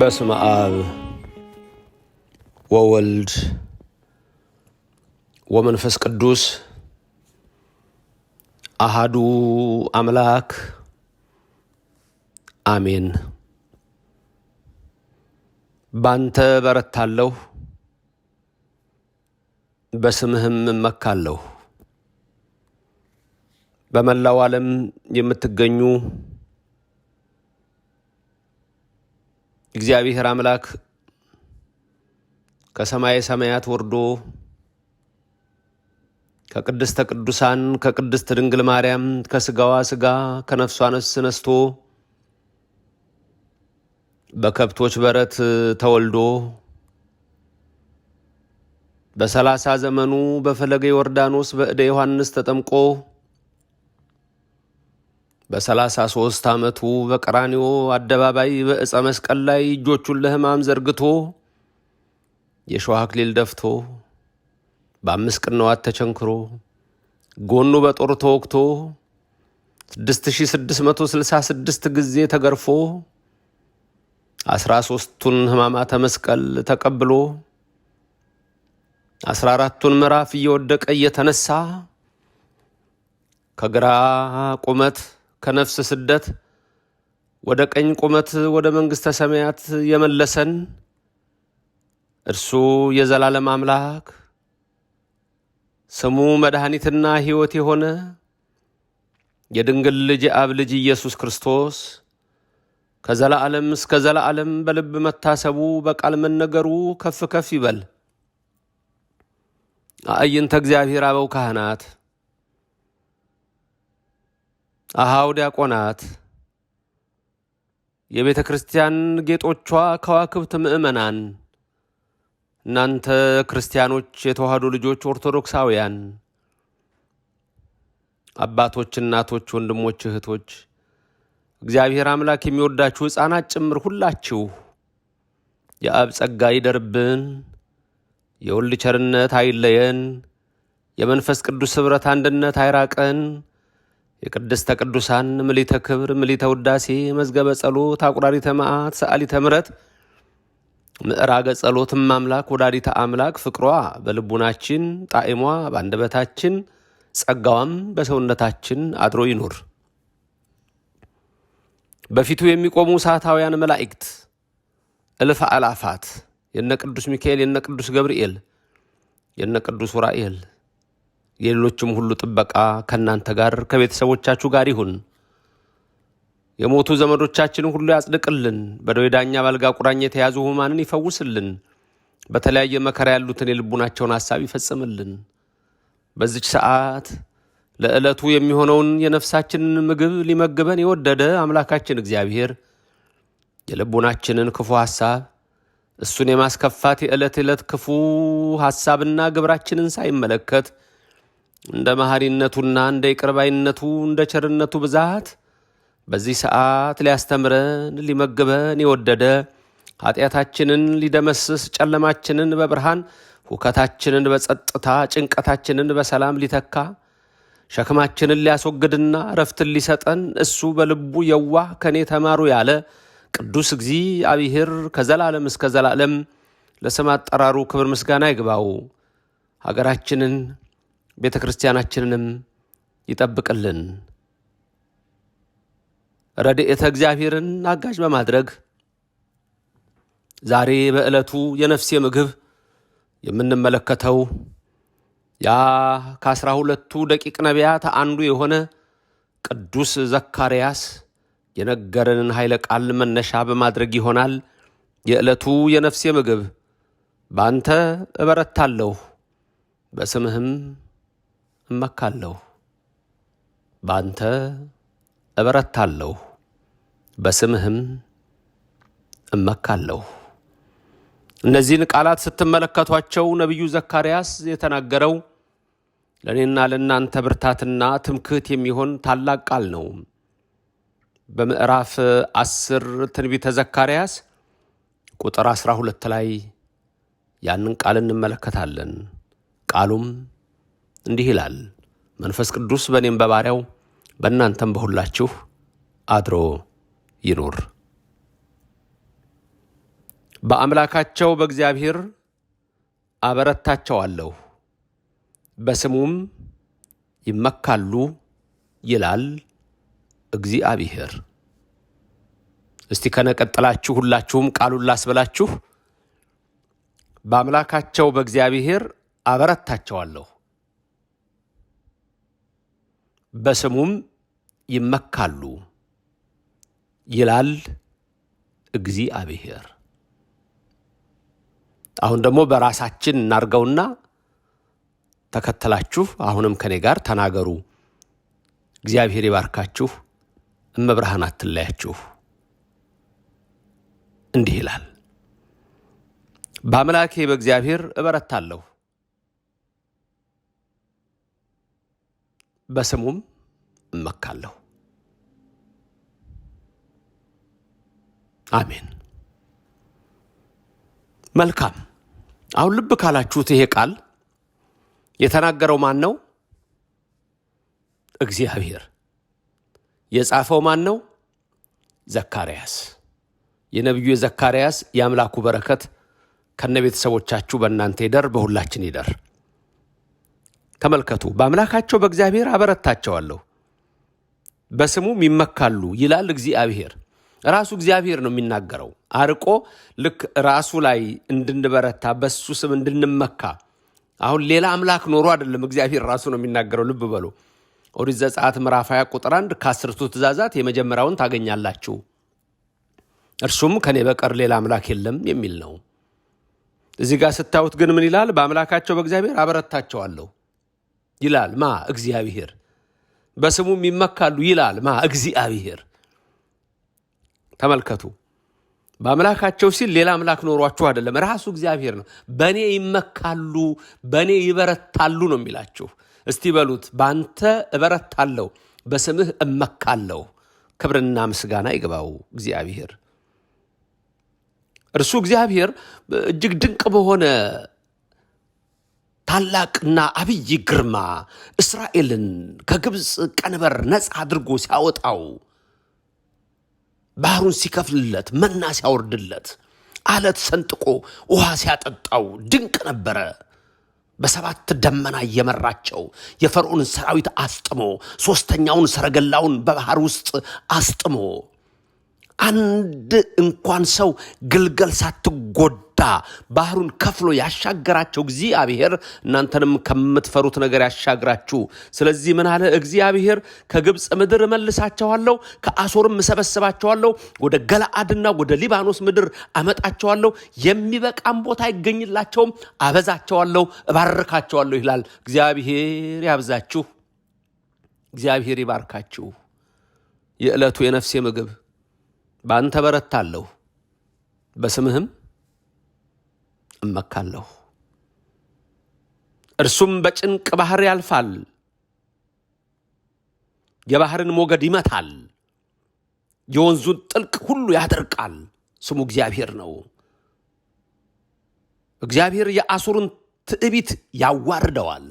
በስመ አብ ወወልድ ወመንፈስ ቅዱስ አሃዱ አምላክ አሜን። ባንተ በረታለሁ፣ በስምህም እመካለሁ። በመላው ዓለም የምትገኙ እግዚአብሔር አምላክ ከሰማይ ሰማያት ወርዶ ከቅድስተ ቅዱሳን ከቅድስት ድንግል ማርያም ከስጋዋ ስጋ ከነፍሷ ነፍስ ነስቶ በከብቶች በረት ተወልዶ በሰላሳ ዘመኑ በፈለገ ዮርዳኖስ በእደ ዮሐንስ ተጠምቆ በ33 ዓመቱ በቀራኒዮ አደባባይ በእፀ መስቀል ላይ እጆቹን ለሕማም ዘርግቶ የሸዋ አክሊል ደፍቶ በአምስት ቅንዋት ተቸንክሮ ጎኑ በጦር ተወግቶ 6666 ጊዜ ተገርፎ 13ቱን ሕማማተ መስቀል ተቀብሎ 14ቱን ምዕራፍ እየወደቀ እየተነሳ ከግራ ቁመት ከነፍስ ስደት ወደ ቀኝ ቁመት ወደ መንግሥተ ሰማያት የመለሰን እርሱ የዘላለም አምላክ ስሙ መድኃኒትና ሕይወት የሆነ የድንግል ልጅ የአብ ልጅ ኢየሱስ ክርስቶስ ከዘላዓለም እስከ ዘላዓለም በልብ መታሰቡ በቃል መነገሩ ከፍ ከፍ ይበል። አእይንተ እግዚአብሔር አበው ካህናት አሃው ዲያቆናት የቤተ ክርስቲያን ጌጦቿ ከዋክብት ምእመናን፣ እናንተ ክርስቲያኖች የተዋህዶ ልጆች ኦርቶዶክሳውያን አባቶች፣ እናቶች፣ ወንድሞች፣ እህቶች እግዚአብሔር አምላክ የሚወዳችሁ ሕፃናት ጭምር ሁላችሁ የአብ ጸጋ ይደርብን፣ የወልድ ቸርነት አይለየን፣ የመንፈስ ቅዱስ ኅብረት አንድነት አይራቀን። የቅድስተ ቅዱሳን ምሊተ ክብር ምሊተ ውዳሴ መዝገበ ጸሎት አቁራሪተ መዓት ሰአሊተ ምረት ምዕራገ ጸሎትም አምላክ ወዳዲተ አምላክ ፍቅሯ በልቡናችን ጣዕሟ በአንደበታችን ጸጋዋም በሰውነታችን አድሮ ይኑር። በፊቱ የሚቆሙ ሳታውያን መላእክት እልፍ አላፋት የነ ቅዱስ ሚካኤል የነ ቅዱስ ገብርኤል የነ ቅዱስ ዑራኤል የሌሎችም ሁሉ ጥበቃ ከእናንተ ጋር ከቤተሰቦቻችሁ ጋር ይሁን። የሞቱ ዘመዶቻችንን ሁሉ ያጽድቅልን። በደዌ ዳኛ በአልጋ ቁራኛ የተያዙ ሕሙማንን ይፈውስልን። በተለያየ መከራ ያሉትን የልቡናቸውን ሐሳብ ይፈጽምልን። በዚች ሰዓት ለዕለቱ የሚሆነውን የነፍሳችንን ምግብ ሊመግበን የወደደ አምላካችን እግዚአብሔር የልቡናችንን ክፉ ሐሳብ እሱን የማስከፋት የዕለት ዕለት ክፉ ሐሳብና ግብራችንን ሳይመለከት እንደ መሐሪነቱና እንደ ይቅርባይነቱ እንደ ቸርነቱ ብዛት በዚህ ሰዓት ሊያስተምረን ሊመግበን የወደደ ኃጢአታችንን ሊደመስስ ጨለማችንን በብርሃን ሁከታችንን በጸጥታ ጭንቀታችንን በሰላም ሊተካ ሸክማችንን ሊያስወግድና እረፍትን ሊሰጠን እሱ በልቡ የዋህ ከእኔ ተማሩ ያለ ቅዱስ እግዚአብሔር ከዘላለም እስከ ዘላለም ለስም አጠራሩ ክብር ምስጋና ይግባው። ሀገራችንን ቤተ ክርስቲያናችንንም ይጠብቅልን። ረድኤተ እግዚአብሔርን አጋዥ በማድረግ ዛሬ በዕለቱ የነፍሴ ምግብ የምንመለከተው ያ ከአስራ ሁለቱ ደቂቅ ነቢያት አንዱ የሆነ ቅዱስ ዘካርያስ የነገረንን ኃይለ ቃል መነሻ በማድረግ ይሆናል። የዕለቱ የነፍሴ ምግብ በአንተ እበረታለሁ በስምህም እመካለሁ፣ ባንተ እበረታለሁ፣ በስምህም እመካለሁ። እነዚህን ቃላት ስትመለከቷቸው ነቢዩ ዘካርያስ የተናገረው ለእኔና ለእናንተ ብርታትና ትምክህት የሚሆን ታላቅ ቃል ነው። በምዕራፍ አስር ትንቢተ ዘካርያስ ቁጥር አስራ ሁለት ላይ ያንን ቃል እንመለከታለን። ቃሉም እንዲህ ይላል፣ መንፈስ ቅዱስ በእኔም በባሪያው በእናንተም በሁላችሁ አድሮ ይኑር። በአምላካቸው በእግዚአብሔር አበረታቸዋለሁ፣ በስሙም ይመካሉ ይላል እግዚአብሔር። እስቲ ከነቀጠላችሁ ሁላችሁም ቃሉን ላስበላችሁ። በአምላካቸው በእግዚአብሔር አበረታቸዋለሁ በስሙም ይመካሉ ይላል እግዚአብሔር። አሁን ደግሞ በራሳችን እናርገውና ተከተላችሁ አሁንም ከኔ ጋር ተናገሩ። እግዚአብሔር ይባርካችሁ፣ እመብርሃን አትለያችሁ። እንዲህ ይላል፣ በአምላኬ በእግዚአብሔር እበረታለሁ። በስሙም እመካለሁ። አሜን። መልካም። አሁን ልብ ካላችሁት ይሄ ቃል የተናገረው ማን ነው? እግዚአብሔር። የጻፈው ማን ነው? ዘካርያስ። የነቢዩ የዘካርያስ የአምላኩ በረከት ከነ ቤተሰቦቻችሁ በእናንተ ይደር፣ በሁላችን ይደር። ተመልከቱ። በአምላካቸው በእግዚአብሔር አበረታቸዋለሁ፣ በስሙም ይመካሉ ይላል እግዚአብሔር። ራሱ እግዚአብሔር ነው የሚናገረው። አርቆ ልክ ራሱ ላይ እንድንበረታ በሱ ስም እንድንመካ አሁን ሌላ አምላክ ኖሮ አይደለም፣ እግዚአብሔር ራሱ ነው የሚናገረው። ልብ በሉ ኦሪት ዘጸአት ምዕራፍ 20 ቁጥር 1 ከአስርቱ ትእዛዛት የመጀመሪያውን ታገኛላችሁ፣ እርሱም ከኔ በቀር ሌላ አምላክ የለም የሚል ነው። እዚህ ጋር ስታዩት ግን ምን ይላል? በአምላካቸው በእግዚአብሔር አበረታቸዋለሁ ይላል ማ እግዚአብሔር። በስሙም ይመካሉ ይላል ማ እግዚአብሔር። ተመልከቱ። በአምላካቸው ሲል ሌላ አምላክ ኖሯችሁ አይደለም፣ ራሱ እግዚአብሔር ነው። በእኔ ይመካሉ፣ በእኔ ይበረታሉ ነው የሚላችሁ። እስቲ በሉት፣ በአንተ እበረታለሁ፣ በስምህ እመካለሁ። ክብርና ምስጋና ይግባው እግዚአብሔር። እርሱ እግዚአብሔር እጅግ ድንቅ በሆነ ታላቅና አብይ ግርማ እስራኤልን ከግብፅ ቀንበር ነፃ አድርጎ ሲያወጣው ባህሩን ሲከፍልለት መና ሲያወርድለት አለት ሰንጥቆ ውሃ ሲያጠጣው ድንቅ ነበረ። በሰባት ደመና እየመራቸው የፈርዖን ሰራዊት አስጥሞ ሦስተኛውን ሰረገላውን በባህር ውስጥ አስጥሞ አንድ እንኳን ሰው ግልገል ሳትጎዳ ዳ ባህሩን ከፍሎ ያሻገራቸው እግዚአብሔር እናንተንም ከምትፈሩት ነገር ያሻግራችሁ። ስለዚህ ምን አለ እግዚአብሔር? ከግብፅ ምድር እመልሳቸዋለሁ፣ ከአሶርም እሰበስባቸዋለሁ፣ ወደ ገላአድና ወደ ሊባኖስ ምድር አመጣቸዋለሁ። የሚበቃም ቦታ አይገኝላቸውም፣ አበዛቸዋለሁ፣ እባርካቸዋለሁ ይላል። እግዚአብሔር ያብዛችሁ፣ እግዚአብሔር ይባርካችሁ። የዕለቱ የነፍሴ ምግብ በአንተ በረታለሁ በስምህም እመካለሁ። እርሱም በጭንቅ ባህር ያልፋል፣ የባህርን ሞገድ ይመታል፣ የወንዙን ጥልቅ ሁሉ ያደርቃል። ስሙ እግዚአብሔር ነው። እግዚአብሔር የአሱርን ትዕቢት ያዋርደዋል።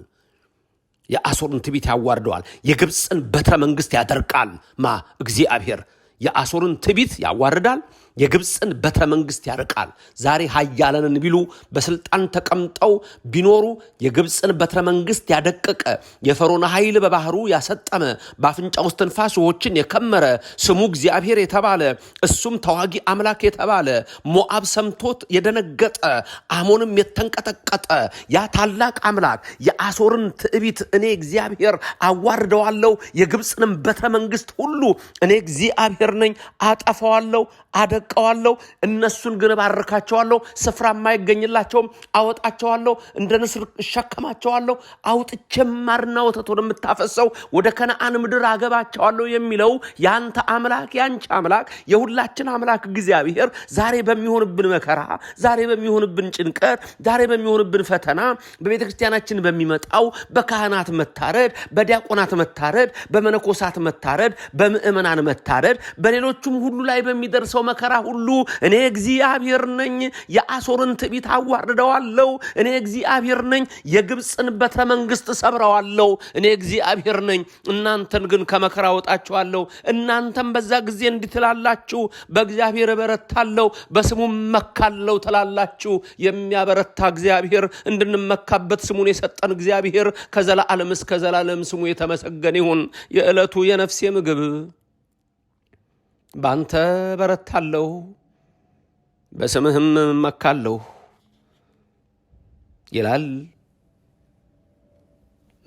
የአሶርን ትዕቢት ያዋርደዋል። የግብፅን በትረ መንግስት ያደርቃል። ማ እግዚአብሔር የአሶርን ትዕቢት ያዋርዳል። የግብፅን በትረ መንግስት ያርቃል። ዛሬ ሀያለንን ቢሉ በስልጣን ተቀምጠው ቢኖሩ የግብፅን በትረ መንግስት ያደቀቀ የፈሮን ኃይል በባህሩ ያሰጠመ በአፍንጫ ውስጥ ትንፋስ የከመረ ስሙ እግዚአብሔር የተባለ እሱም ተዋጊ አምላክ የተባለ ሞአብ ሰምቶት የደነገጠ አሞንም የተንቀጠቀጠ ያ ታላቅ አምላክ የአሶርን ትዕቢት እኔ እግዚአብሔር አዋርደዋለሁ፣ የግብፅንም በትረ መንግስት ሁሉ እኔ እግዚአብሔር ነኝ አጠፋዋለሁ አደ እለቀዋለሁ፣ እነሱን ግን ባርካቸዋለሁ፣ ስፍራ የማይገኝላቸውም አወጣቸዋለሁ፣ እንደ ንስር እሸከማቸዋለሁ፣ አውጥቼ ማርና ወደምታፈሰው ወደ ከነአን ምድር አገባቸዋለሁ የሚለው የአንተ አምላክ የአንቺ አምላክ የሁላችን አምላክ እግዚአብሔር ዛሬ በሚሆንብን መከራ፣ ዛሬ በሚሆንብን ጭንቀት፣ ዛሬ በሚሆንብን ፈተና፣ በቤተ ክርስቲያናችን በሚመጣው በካህናት መታረድ፣ በዲያቆናት መታረድ፣ በመነኮሳት መታረድ፣ በምእመናን መታረድ፣ በሌሎቹም ሁሉ ላይ በሚደርሰው መከራ ሁሉ እኔ እግዚአብሔር ነኝ፣ የአሶርን ትዕቢት አዋርደዋለሁ። እኔ እግዚአብሔር ነኝ፣ የግብፅን በትረ መንግስት ሰብረዋለሁ። እኔ እግዚአብሔር ነኝ፣ እናንተን ግን ከመከራ ወጣችኋለሁ። እናንተም በዛ ጊዜ እንዲህ በእግዚአብሔር እበረታለሁ፣ በስሙም መካለው ትላላችሁ። የሚያበረታ እግዚአብሔር እንድንመካበት ስሙን የሰጠን እግዚአብሔር ከዘላለም እስከ ዘላለም ስሙ የተመሰገነ ይሁን። የዕለቱ የነፍሴ ምግብ ባንተ በረታለሁ፣ በስምህም እመካለሁ ይላል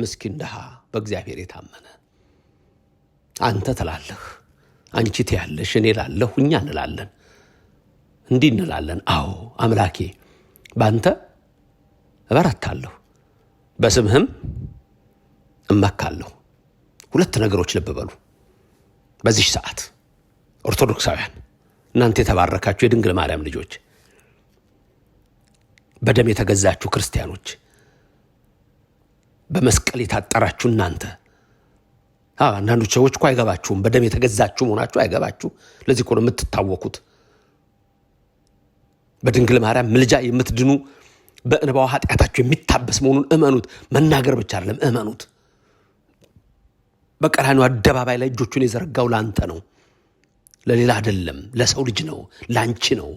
ምስኪን ድሃ በእግዚአብሔር የታመነ። አንተ ትላለህ፣ አንቺ ትያለሽ፣ እኔ ላለሁ፣ እኛ እንላለን፣ እንዲህ እንላለን። አዎ አምላኬ ባንተ እበረታለሁ፣ በስምህም እመካለሁ። ሁለት ነገሮች ልብ በሉ በዚህ ሰዓት ኦርቶዶክሳውያን እናንተ የተባረካችሁ የድንግል ማርያም ልጆች፣ በደም የተገዛችሁ ክርስቲያኖች፣ በመስቀል የታጠራችሁ እናንተ። አንዳንዱ ሰዎች እኮ አይገባችሁም፣ በደም የተገዛችሁ መሆናችሁ አይገባችሁ። ለዚህ እኮ ነው የምትታወቁት። በድንግል ማርያም ምልጃ የምትድኑ በእንባው ኃጢአታችሁ የሚታበስ መሆኑን እመኑት። መናገር ብቻ አይደለም እመኑት። በቀራኒው አደባባይ ላይ እጆቹን የዘረጋው ለአንተ ነው። ለሌላ አይደለም፣ ለሰው ልጅ ነው፣ ለአንቺ ነው፣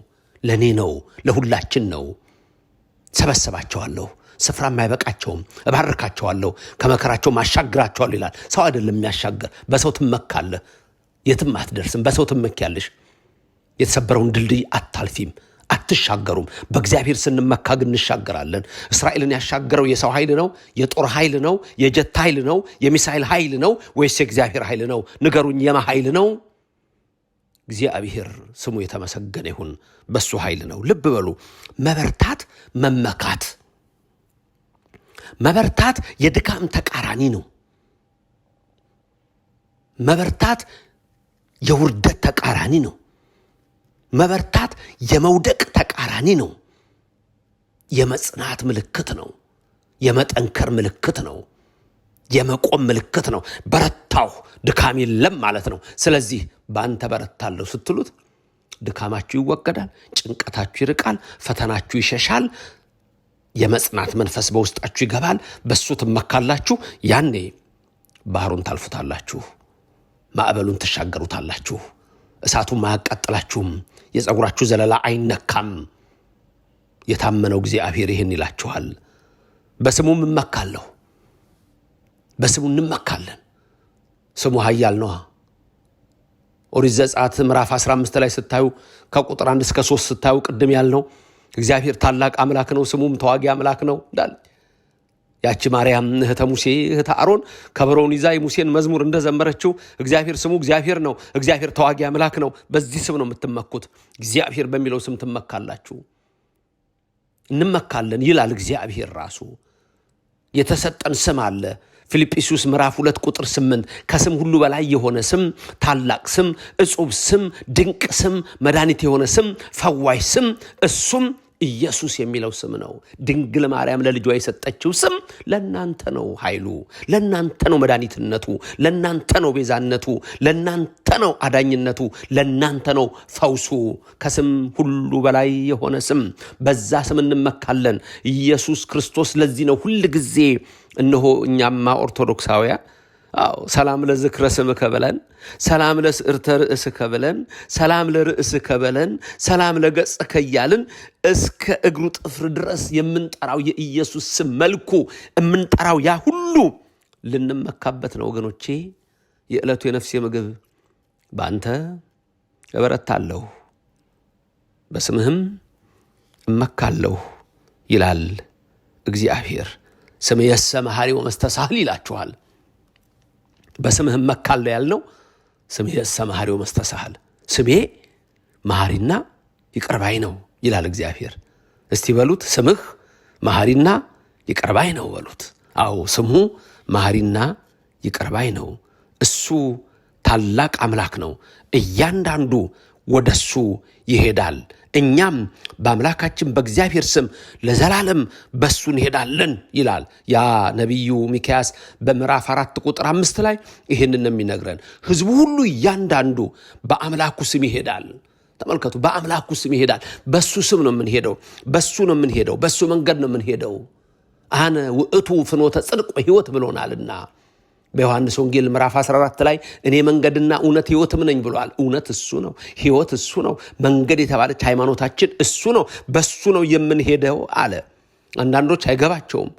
ለእኔ ነው፣ ለሁላችን ነው። ሰበሰባቸዋለሁ፣ ስፍራ የማይበቃቸውም እባርካቸዋለሁ፣ ከመከራቸውም አሻግራቸዋለሁ ይላል። ሰው አይደለም የሚያሻገር። በሰው ትመካለህ፣ የትም አትደርስም። በሰው ትመኪያለሽ። የተሰበረውን ድልድይ አታልፊም፣ አትሻገሩም። በእግዚአብሔር ስንመካ ግን እንሻገራለን። እስራኤልን ያሻገረው የሰው ኃይል ነው? የጦር ኃይል ነው? የጀት ኃይል ነው? የሚሳይል ኃይል ነው? ወይስ የእግዚአብሔር ኃይል ነው? ንገሩኝ። የማ ኃይል ነው? እግዚአብሔር ስሙ የተመሰገነ ይሁን። በሱ ኃይል ነው። ልብ በሉ። መበርታት መመካት፣ መበርታት የድካም ተቃራኒ ነው። መበርታት የውርደት ተቃራኒ ነው። መበርታት የመውደቅ ተቃራኒ ነው። የመጽናት ምልክት ነው። የመጠንከር ምልክት ነው። የመቆም ምልክት ነው። በረታሁ ድካም የለም ማለት ነው። ስለዚህ በአንተ በረታለሁ ስትሉት ድካማችሁ ይወገዳል፣ ጭንቀታችሁ ይርቃል፣ ፈተናችሁ ይሸሻል፣ የመጽናት መንፈስ በውስጣችሁ ይገባል። በሱ ትመካላችሁ። ያኔ ባህሩን ታልፉታላችሁ፣ ማዕበሉን ትሻገሩታላችሁ። እሳቱም አያቃጥላችሁም፣ የፀጉራችሁ ዘለላ አይነካም። የታመነው እግዚአብሔር ይህን ይላችኋል፣ በስሙም እመካለሁ በስሙ እንመካለን። ስሙ ኃያል ነዋ። ኦሪት ዘጸአት ምዕራፍ 15 ላይ ስታዩ ከቁጥር 1 እስከ 3 ስታዩ ቅድም ያልነው እግዚአብሔር ታላቅ አምላክ ነው፣ ስሙም ተዋጊ አምላክ ነው እንዳለ ያቺ ማርያም እህተ ሙሴ እህተ አሮን ከበሮውን ይዛ የሙሴን መዝሙር እንደዘመረችው እግዚአብሔር ስሙ እግዚአብሔር ነው፣ እግዚአብሔር ተዋጊ አምላክ ነው። በዚህ ስም ነው የምትመኩት። እግዚአብሔር በሚለው ስም ትመካላችሁ። እንመካለን ይላል እግዚአብሔር ራሱ። የተሰጠን ስም አለ። ፊልጵስዩስ ምዕራፍ ሁለት ቁጥር ስምንት ከስም ሁሉ በላይ የሆነ ስም፣ ታላቅ ስም፣ እጹብ ስም፣ ድንቅ ስም፣ መድኃኒት የሆነ ስም፣ ፈዋሽ ስም እሱም ኢየሱስ የሚለው ስም ነው። ድንግል ማርያም ለልጇ የሰጠችው ስም ለእናንተ ነው ኃይሉ፣ ለእናንተ ነው መድኃኒትነቱ፣ ለእናንተ ነው ቤዛነቱ፣ ለእናንተ ነው አዳኝነቱ፣ ለእናንተ ነው ፈውሱ። ከስም ሁሉ በላይ የሆነ ስም፣ በዛ ስም እንመካለን። ኢየሱስ ክርስቶስ ለዚህ ነው ሁል ጊዜ እነሆ እኛማ ኦርቶዶክሳውያን አዎ ሰላም ለዝክረ ስምከ በለን፣ ሰላም ለስዕርተ ርእስከ በለን፣ ሰላም ለርእስከ በለን፣ ሰላም ለገጽከ እያልን እስከ እግሩ ጥፍር ድረስ የምንጠራው የኢየሱስ ስም መልኩ የምንጠራው ያ ሁሉ ልንመካበት ነው ወገኖቼ። የዕለቱ የነፍሴ ምግብ በአንተ እበረታለሁ፣ በስምህም እመካለሁ ይላል እግዚአብሔር። ስሜ የሰ መሐሪ ወመስተሳህል ይላችኋል። በስምህም መካለው ያልነው ስምህ እሰማሃሪው መስተሳህል ስሜ መሐሪና ይቅርባይ ነው ይላል እግዚአብሔር። እስቲ በሉት ስምህ መሐሪና ይቅርባይ ነው በሉት። አዎ ስሙ መሐሪና ይቅርባይ ነው። እሱ ታላቅ አምላክ ነው። እያንዳንዱ ወደ እሱ ይሄዳል። እኛም በአምላካችን በእግዚአብሔር ስም ለዘላለም በሱ እንሄዳለን ይላል። ያ ነቢዩ ሚክያስ በምዕራፍ አራት ቁጥር አምስት ላይ ይህንን የሚነግረን ህዝቡ ሁሉ እያንዳንዱ በአምላኩ ስም ይሄዳል። ተመልከቱ፣ በአምላኩ ስም ይሄዳል። በሱ ስም ነው የምንሄደው፣ በሱ ነው የምንሄደው፣ በሱ መንገድ ነው የምንሄደው። አነ ውእቱ ፍኖተ ጽድቅ ህይወት ብሎናልና በዮሐንስ ወንጌል ምዕራፍ 14 ላይ እኔ መንገድና እውነት ህይወትም ነኝ ብሏል። እውነት እሱ ነው። ህይወት እሱ ነው። መንገድ የተባለች ሃይማኖታችን እሱ ነው። በሱ ነው የምንሄደው አለ። አንዳንዶች አይገባቸውም።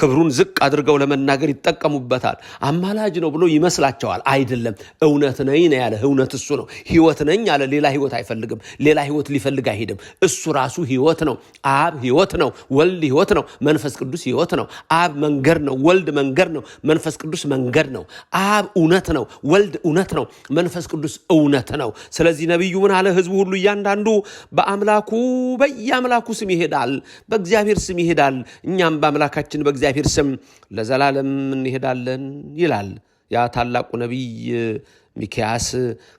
ክብሩን ዝቅ አድርገው ለመናገር ይጠቀሙበታል። አማላጅ ነው ብሎ ይመስላቸዋል። አይደለም፣ እውነት ነኝ ነው ያለ። እውነት እሱ ነው። ህይወት ነኝ አለ። ሌላ ህይወት አይፈልግም። ሌላ ህይወት ሊፈልግ አይሄድም። እሱ ራሱ ህይወት ነው። አብ ህይወት ነው። ወልድ ህይወት ነው። መንፈስ ቅዱስ ህይወት ነው። አብ መንገድ ነው። ወልድ መንገድ ነው። መንፈስ ቅዱስ መንገድ ነው። አብ እውነት ነው። ወልድ እውነት ነው። መንፈስ ቅዱስ እውነት ነው። ስለዚህ ነቢዩ ምን አለ? ህዝቡ ሁሉ እያንዳንዱ በአምላኩ በየአምላኩ ስም ይሄዳል፣ በእግዚአብሔር ስም ይሄዳል። እኛም በአምላካችን በእግዚአብሔር በእግዚአብሔር ስም ለዘላለም እንሄዳለን ይላል ያ ታላቁ ነቢይ ሚኪያስ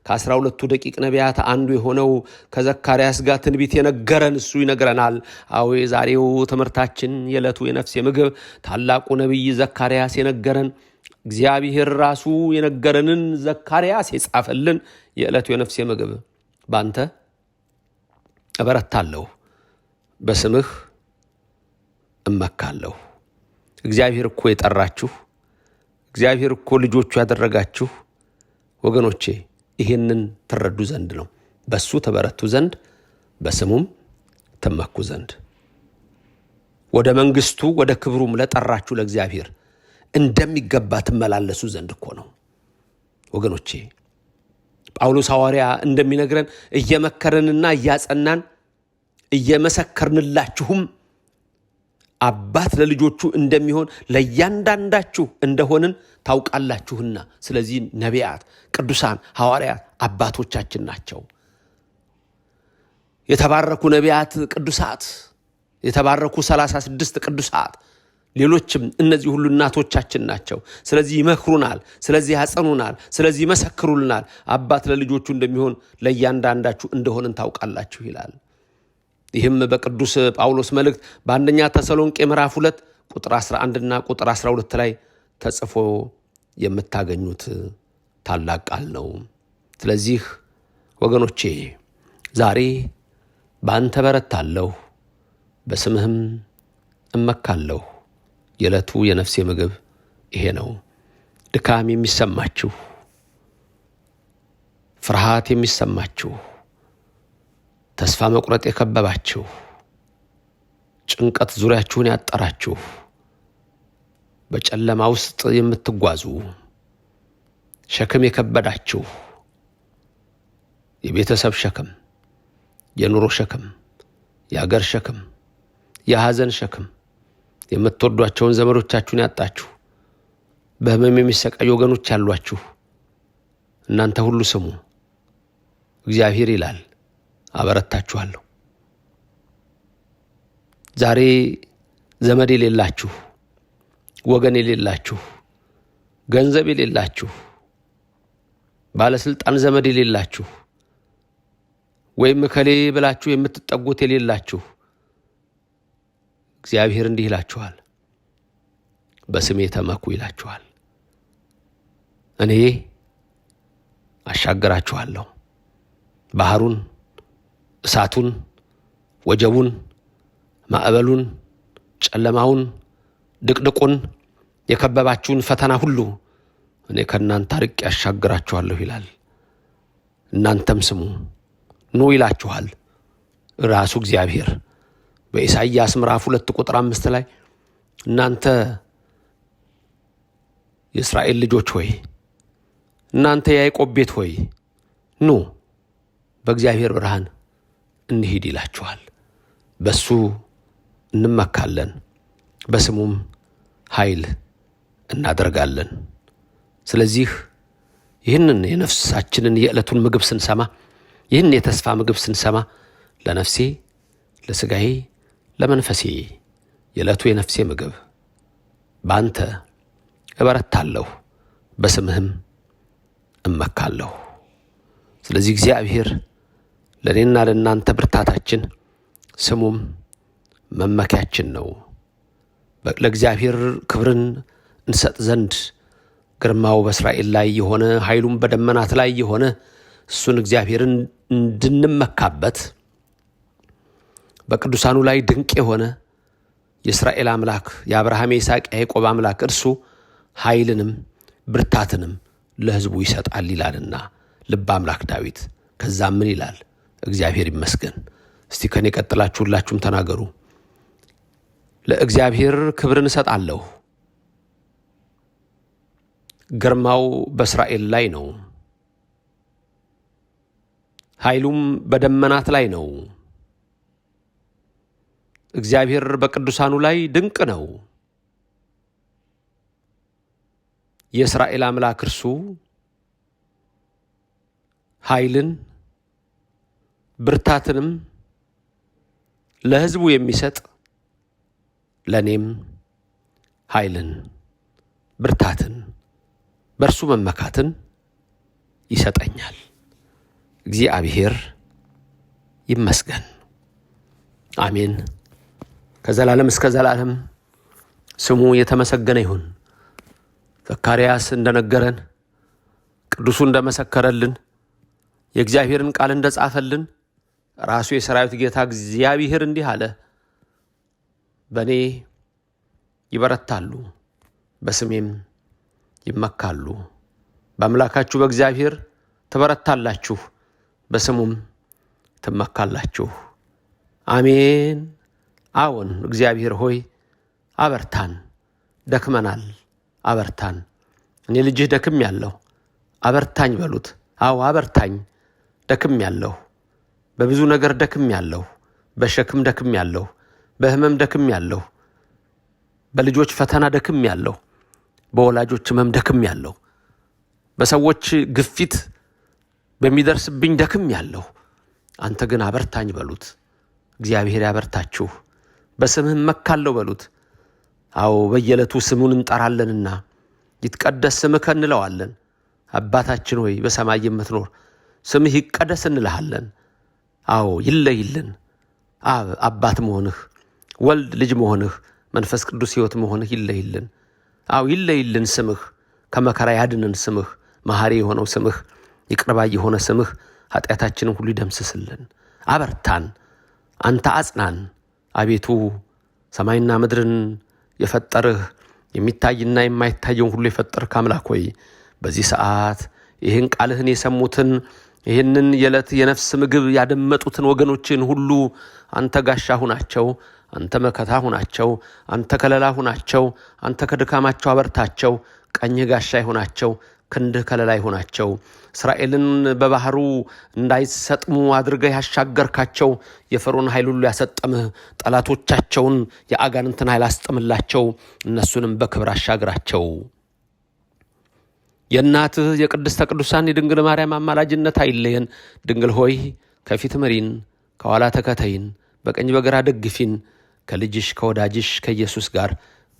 ከአስራ ሁለቱ ደቂቅ ነቢያት አንዱ የሆነው ከዘካርያስ ጋር ትንቢት የነገረን እሱ ይነግረናል። አዎ የዛሬው ትምህርታችን የዕለቱ የነፍሴ ምግብ ታላቁ ነቢይ ዘካርያስ የነገረን እግዚአብሔር ራሱ የነገረንን ዘካርያስ የጻፈልን የዕለቱ የነፍሴ ምግብ ባንተ እበረታለሁ፣ በስምህ እመካለሁ። እግዚአብሔር እኮ የጠራችሁ፣ እግዚአብሔር እኮ ልጆቹ ያደረጋችሁ ወገኖቼ ይህንን ትረዱ ዘንድ ነው። በሱ ተበረቱ ዘንድ በስሙም ትመኩ ዘንድ ወደ መንግስቱ ወደ ክብሩም ለጠራችሁ ለእግዚአብሔር እንደሚገባ ትመላለሱ ዘንድ እኮ ነው ወገኖቼ። ጳውሎስ ሐዋርያ እንደሚነግረን እየመከረንና እያጸናን እየመሰከርንላችሁም አባት ለልጆቹ እንደሚሆን ለእያንዳንዳችሁ እንደሆንን ታውቃላችሁና። ስለዚህ ነቢያት፣ ቅዱሳን፣ ሐዋርያት አባቶቻችን ናቸው። የተባረኩ ነቢያት፣ ቅዱሳት የተባረኩ ሰላሳ ስድስት ቅዱሳት ሌሎችም እነዚህ ሁሉ እናቶቻችን ናቸው። ስለዚህ ይመክሩናል፣ ስለዚህ ያጸኑናል፣ ስለዚህ ይመሰክሩልናል። አባት ለልጆቹ እንደሚሆን ለእያንዳንዳችሁ እንደሆንን ታውቃላችሁ ይላል። ይህም በቅዱስ ጳውሎስ መልእክት በአንደኛ ተሰሎንቄ ምዕራፍ 2 ቁጥር 11ና ቁጥር 12 ላይ ተጽፎ የምታገኙት ታላቅ ቃል ነው። ስለዚህ ወገኖቼ ዛሬ በአንተ በረታለሁ፣ በስምህም እመካለሁ። የዕለቱ የነፍሴ ምግብ ይሄ ነው። ድካም የሚሰማችሁ፣ ፍርሃት የሚሰማችሁ ተስፋ መቁረጥ የከበባችሁ፣ ጭንቀት ዙሪያችሁን ያጠራችሁ፣ በጨለማ ውስጥ የምትጓዙ፣ ሸክም የከበዳችሁ፣ የቤተሰብ ሸክም፣ የኑሮ ሸክም፣ የአገር ሸክም፣ የሐዘን ሸክም፣ የምትወዷቸውን ዘመዶቻችሁን ያጣችሁ፣ በሕመም የሚሰቃዩ ወገኖች ያሏችሁ እናንተ ሁሉ ስሙ፣ እግዚአብሔር ይላል አበረታችኋለሁ። ዛሬ ዘመድ የሌላችሁ፣ ወገን የሌላችሁ፣ ገንዘብ የሌላችሁ፣ ባለስልጣን ዘመድ የሌላችሁ ወይም እከሌ ብላችሁ የምትጠጉት የሌላችሁ እግዚአብሔር እንዲህ ይላችኋል፣ በስሜ ተመኩ ይላችኋል። እኔ አሻግራችኋለሁ ባህሩን እሳቱን፣ ወጀቡን፣ ማዕበሉን፣ ጨለማውን፣ ድቅድቁን፣ የከበባችሁን ፈተና ሁሉ እኔ ከእናንተ አርቅ ያሻግራችኋለሁ ይላል። እናንተም ስሙ ኑ ይላችኋል ራሱ እግዚአብሔር በኢሳይያስ ምዕራፍ ሁለት ቁጥር አምስት ላይ እናንተ የእስራኤል ልጆች ሆይ እናንተ የያዕቆብ ቤት ሆይ ኑ በእግዚአብሔር ብርሃን እንሂድ ይላችኋል። በሱ እንመካለን፣ በስሙም ኃይል እናደርጋለን። ስለዚህ ይህንን የነፍሳችንን የዕለቱን ምግብ ስንሰማ ይህን የተስፋ ምግብ ስንሰማ ለነፍሴ፣ ለስጋዬ ለመንፈሴ የዕለቱ የነፍሴ ምግብ በአንተ እበረታለሁ፣ በስምህም እመካለሁ። ስለዚህ እግዚአብሔር ለእኔና ለእናንተ ብርታታችን፣ ስሙም መመኪያችን ነው። ለእግዚአብሔር ክብርን እንሰጥ ዘንድ ግርማው በእስራኤል ላይ የሆነ ኃይሉም በደመናት ላይ የሆነ እሱን እግዚአብሔርን እንድንመካበት በቅዱሳኑ ላይ ድንቅ የሆነ የእስራኤል አምላክ የአብርሃም የይስሐቅ የያዕቆብ አምላክ እርሱ ኃይልንም ብርታትንም ለሕዝቡ ይሰጣል ይላልና ልበ አምላክ ዳዊት። ከዛም ምን ይላል? እግዚአብሔር ይመስገን። እስቲ ከኔ ቀጥላችሁ ሁላችሁም ተናገሩ። ለእግዚአብሔር ክብርን እሰጣለሁ። ግርማው በእስራኤል ላይ ነው፣ ኃይሉም በደመናት ላይ ነው። እግዚአብሔር በቅዱሳኑ ላይ ድንቅ ነው። የእስራኤል አምላክ እርሱ ኃይልን ብርታትንም ለሕዝቡ የሚሰጥ ለእኔም ኃይልን ብርታትን በእርሱ መመካትን ይሰጠኛል። እግዚአብሔር ይመስገን። አሜን። ከዘላለም እስከ ዘላለም ስሙ የተመሰገነ ይሁን። ዘካርያስ እንደነገረን ቅዱሱ እንደመሰከረልን የእግዚአብሔርን ቃል እንደጻፈልን ራሱ የሰራዊት ጌታ እግዚአብሔር እንዲህ አለ፣ በእኔ ይበረታሉ፣ በስሜም ይመካሉ። በአምላካችሁ በእግዚአብሔር ትበረታላችሁ፣ በስሙም ትመካላችሁ። አሜን። አዎን፣ እግዚአብሔር ሆይ አበርታን፣ ደክመናል፣ አበርታን። እኔ ልጅህ ደክም ያለሁ አበርታኝ በሉት። አዎ አበርታኝ፣ ደክም ያለሁ በብዙ ነገር ደክም ያለሁ፣ በሸክም ደክም ያለሁ፣ በህመም ደክም ያለሁ፣ በልጆች ፈተና ደክም ያለሁ፣ በወላጆች ህመም ደክም ያለሁ፣ በሰዎች ግፊት በሚደርስብኝ ደክም ያለሁ፣ አንተ ግን አበርታኝ በሉት። እግዚአብሔር ያበርታችሁ። በስምህ መካለው በሉት። አዎ በየዕለቱ ስሙን እንጠራለንና ይትቀደስ ስምከ እንለዋለን። አባታችን ሆይ በሰማይ የምትኖር ስምህ ይቀደስ እንልሃለን። አዎ ይለይልን። አብ አባት መሆንህ፣ ወልድ ልጅ መሆንህ፣ መንፈስ ቅዱስ ሕይወት መሆንህ ይለይልን። አዎ ይለይልን ስምህ፣ ከመከራ ያድንን ስምህ፣ መሐሪ የሆነው ስምህ፣ ይቅርባ የሆነ ስምህ ኃጢአታችንን ሁሉ ይደምስስልን። አበርታን፣ አንተ አጽናን። አቤቱ ሰማይና ምድርን የፈጠርህ የሚታይና የማይታየውን ሁሉ የፈጠርህ አምላክ ሆይ በዚህ ሰዓት ይህን ቃልህን የሰሙትን ይህንን የዕለት የነፍስ ምግብ ያደመጡትን ወገኖችን ሁሉ አንተ ጋሻ ሁናቸው፣ አንተ መከታ ሁናቸው፣ አንተ ከለላ ሁናቸው፣ አንተ ከድካማቸው አበርታቸው፣ ቀኝህ ጋሻ ይሁናቸው፣ ክንድህ ከለላ ይሁናቸው። እስራኤልን በባህሩ እንዳይሰጥሙ አድርገህ ያሻገርካቸው የፈሮን ኃይል ሁሉ ያሰጠምህ፣ ጠላቶቻቸውን የአጋንንትን ኃይል አስጠምላቸው፣ እነሱንም በክብር አሻግራቸው። የእናትህ የቅድስተ ቅዱሳን የድንግል ማርያም አማላጅነት አይለየን። ድንግል ሆይ ከፊት ምሪን፣ ከኋላ ተከተይን፣ በቀኝ በግራ ደግፊን። ከልጅሽ ከወዳጅሽ ከኢየሱስ ጋር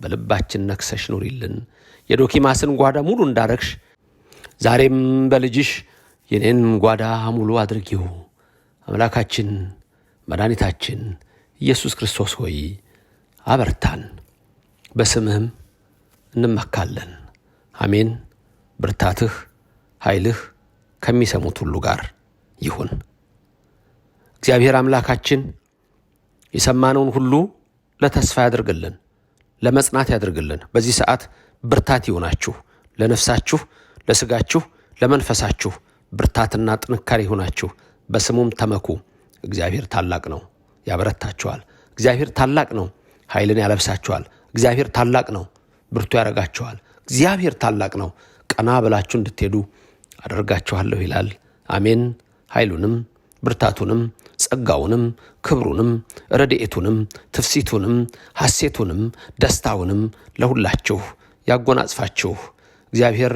በልባችን ነክሰሽ ኑሪልን። የዶኪማስን ጓዳ ሙሉ እንዳረግሽ ዛሬም በልጅሽ የኔን ጓዳ ሙሉ አድርጊው። አምላካችን መድኃኒታችን ኢየሱስ ክርስቶስ ሆይ አበርታን፣ በስምህም እንመካለን። አሜን። ብርታትህ፣ ኃይልህ ከሚሰሙት ሁሉ ጋር ይሁን። እግዚአብሔር አምላካችን የሰማነውን ሁሉ ለተስፋ ያድርግልን፣ ለመጽናት ያድርግልን። በዚህ ሰዓት ብርታት ይሆናችሁ። ለነፍሳችሁ፣ ለስጋችሁ፣ ለመንፈሳችሁ ብርታትና ጥንካሬ ይሆናችሁ። በስሙም ተመኩ። እግዚአብሔር ታላቅ ነው፣ ያበረታችኋል። እግዚአብሔር ታላቅ ነው፣ ኃይልን ያለብሳችኋል። እግዚአብሔር ታላቅ ነው፣ ብርቱ ያደርጋችኋል። እግዚአብሔር ታላቅ ነው፣ ቀና ብላችሁ እንድትሄዱ አደርጋችኋለሁ ይላል። አሜን። ኃይሉንም ብርታቱንም ጸጋውንም ክብሩንም ረድኤቱንም ትፍሲቱንም ሐሴቱንም ደስታውንም ለሁላችሁ ያጎናጽፋችሁ። እግዚአብሔር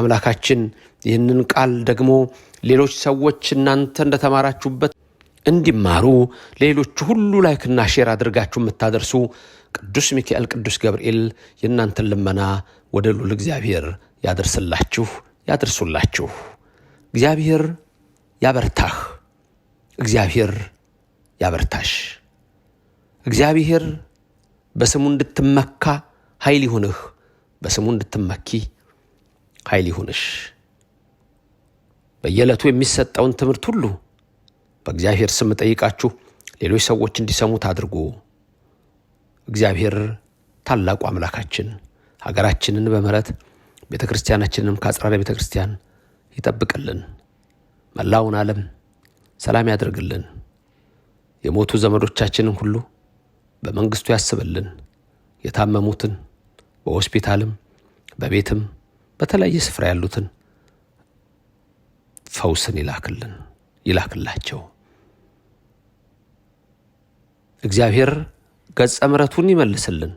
አምላካችን ይህንን ቃል ደግሞ ሌሎች ሰዎች እናንተ እንደተማራችሁበት እንዲማሩ ሌሎቹ ሁሉ ላይክና ሼር አድርጋችሁ የምታደርሱ ቅዱስ ሚካኤል፣ ቅዱስ ገብርኤል የእናንተን ልመና ወደ ሉል እግዚአብሔር ያደርስላችሁ ያደርሱላችሁ። እግዚአብሔር ያበርታህ፣ እግዚአብሔር ያበርታሽ። እግዚአብሔር በስሙ እንድትመካ ኃይል ይሁንህ፣ በስሙ እንድትመኪ ኃይል ይሁንሽ። በየዕለቱ የሚሰጠውን ትምህርት ሁሉ በእግዚአብሔር ስም ጠይቃችሁ ሌሎች ሰዎች እንዲሰሙት አድርጉ። እግዚአብሔር ታላቁ አምላካችን ሀገራችንን በምሕረት ቤተ ክርስቲያናችንንም ከአጽራረ ቤተ ክርስቲያን ይጠብቅልን። መላውን ዓለም ሰላም ያደርግልን። የሞቱ ዘመዶቻችንን ሁሉ በመንግስቱ ያስብልን። የታመሙትን በሆስፒታልም በቤትም በተለያየ ስፍራ ያሉትን ፈውስን ይላክልን ይላክላቸው። እግዚአብሔር ገጸ ምረቱን ይመልስልን።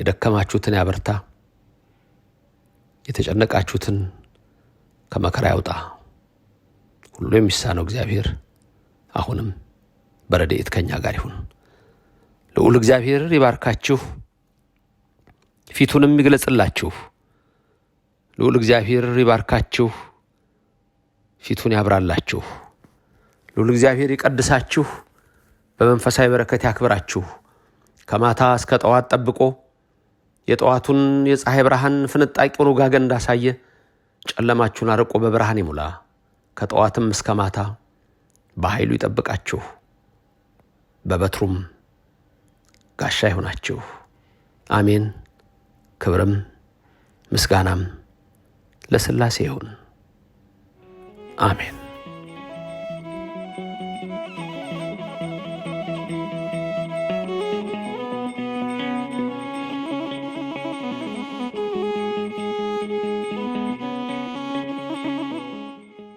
የደከማችሁትን ያበርታ። የተጨነቃችሁትን ከመከራ ያውጣ። ሁሉ የሚሳነው እግዚአብሔር አሁንም በረድኤት ከኛ ጋር ይሁን። ልዑል እግዚአብሔር ይባርካችሁ፣ ፊቱንም ይግለጽላችሁ። ልዑል እግዚአብሔር ይባርካችሁ፣ ፊቱን ያብራላችሁ። ልዑል እግዚአብሔር ይቀድሳችሁ፣ በመንፈሳዊ በረከት ያክብራችሁ። ከማታ እስከ ጠዋት ጠብቆ የጠዋቱን የፀሐይ ብርሃን ፍንጣቂውን ውጋገ እንዳሳየ ጨለማችሁን አርቆ በብርሃን ይሙላ። ከጠዋትም እስከ ማታ በኃይሉ ይጠብቃችሁ፣ በበትሩም ጋሻ ይሆናችሁ። አሜን። ክብርም ምስጋናም ለሥላሴ ይሁን። አሜን።